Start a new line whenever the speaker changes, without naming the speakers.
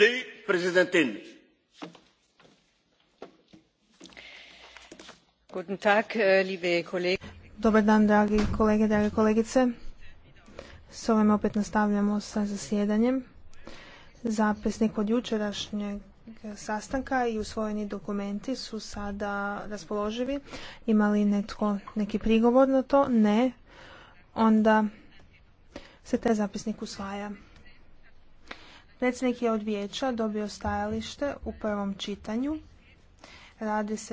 Äh,
dobar dan dragi kolege drage kolegice. s ovim opet nastavljamo sa zasjedanjem. zapisnik od jučerašnjeg sastanka i usvojeni dokumenti su sada raspoloživi. ima li netko neki prigovor na to? ne. onda se taj zapisnik usvaja. Predsjednik je od vijeća dobio stajalište u prvom čitanju. Radi se